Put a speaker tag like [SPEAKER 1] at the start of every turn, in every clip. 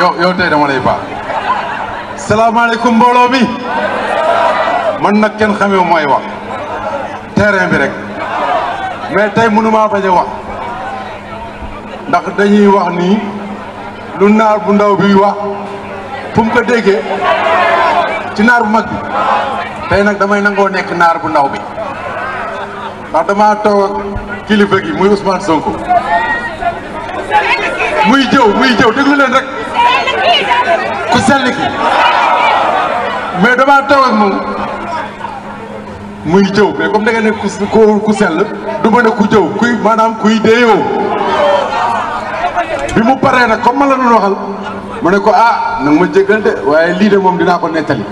[SPEAKER 1] yow yow tey dama lay baal. salaamaaleykum mbooloo mi. man nag kenn xamee mooy wax. terrain bi rek. mais tey mënumaa bañ a wax. ndax dañuy wax nii. lu naar bu ndaw bi wax. fu mu ko déggee. ci naar bu mag bi. tey nag damay nangoo nekk naar bu ndaw bi. ndax damaa toog ak kilifa gi muy Ousmane Sonko. muy jëw muy jëw déglu leen rek. ku sell ki mais damaa taw ak moom muy jëw mais comme da nga ne ku ku sell du ma ne ku jëw kuy maanaam kuy déeyoo bi mu paree nag comme ma la doon waxal mu ne ko ah nag ma jéggal de waaye lii de moom dinaa ko nettali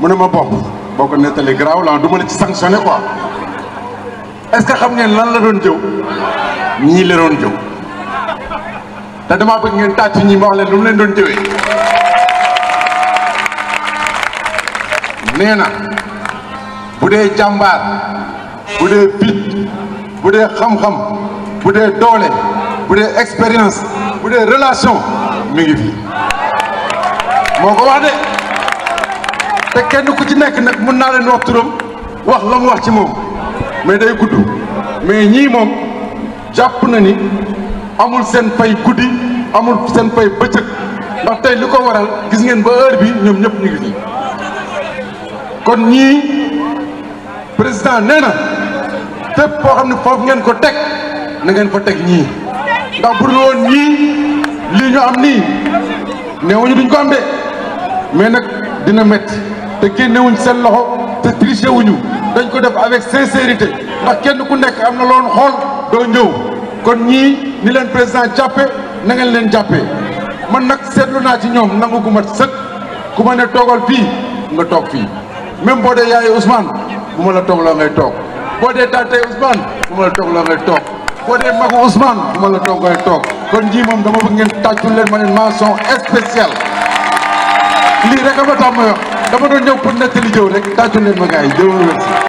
[SPEAKER 1] mu ne ma bopp boo ko nettali garaaw la du ma la ci ko quoi est-ce que xam ngeen lan la doon jëw ñii la doon jëw te damaa bëgg ngeen tàcc ñi ma wax leen lu mu leen doon jëwee nee na bu dee jàmbaar bu dee fit bu dee xam-xam bu dee doole bu dee expérience bu dee relation mi ngi fi moo ko wax de te kenn ku ci nekk nag mën naa leen wax turam wax la mu wax ci moom mais day gudd mais ñii moom jàpp na ni amul seen pay guddi amul seen pay bëccëg ndax tey li ko waral gis ngeen ba heure bi ñoom ñëpp ñu ngi fi kon ñii président nee na fépp koo xam ne foofu ngeen ko teg na ngeen ko teg ñii ndax bu dul woon ñii lii ñu am nii neewuñu duñ ko am de mais nag dina métti te génnewuñ seen loxo te triché wuñu dañ ko def avec sincérité ndax kenn ku nekk am na loon xool doo ñëw kon ñii. ni leen président jàppe na ngeen leen jàppee man nag seetlu naa ci ñoom nangu gu sëkk ku ma ne toogal fii nga toog fii même boo dee yaay Ousmane bu ma la toogloo ngay toog boo dee taatee Ousmane bu ma la toogloo ngay toog boo dee magu Ousmane bu ma la toog ngay toog kon jii moom dama bëgg ngeen tàccul leen ma leen mention spéciale lii rek a ma tax ma wax dama doon ñëw pour nettali jëw rek tàccul leen ma gars yi jëw